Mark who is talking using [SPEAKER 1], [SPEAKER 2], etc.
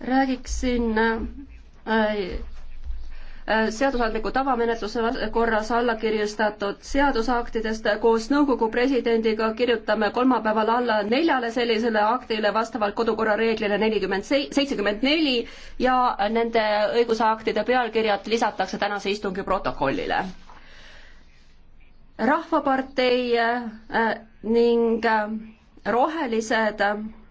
[SPEAKER 1] räägiksin äh, äh, seadusandliku tavamenetluse korras alla kirjustatud seadusaktidest koos nõukogu presidendiga kirjutame kolmapäeval alla neljale sellisele aktile vastavalt kodukorra reeglile nelikümmend seitsekümmend neli ja nende õigusaktide pealkirjad lisatakse tänase istungi protokollile.
[SPEAKER 2] rahvapartei äh,
[SPEAKER 3] ning rohelised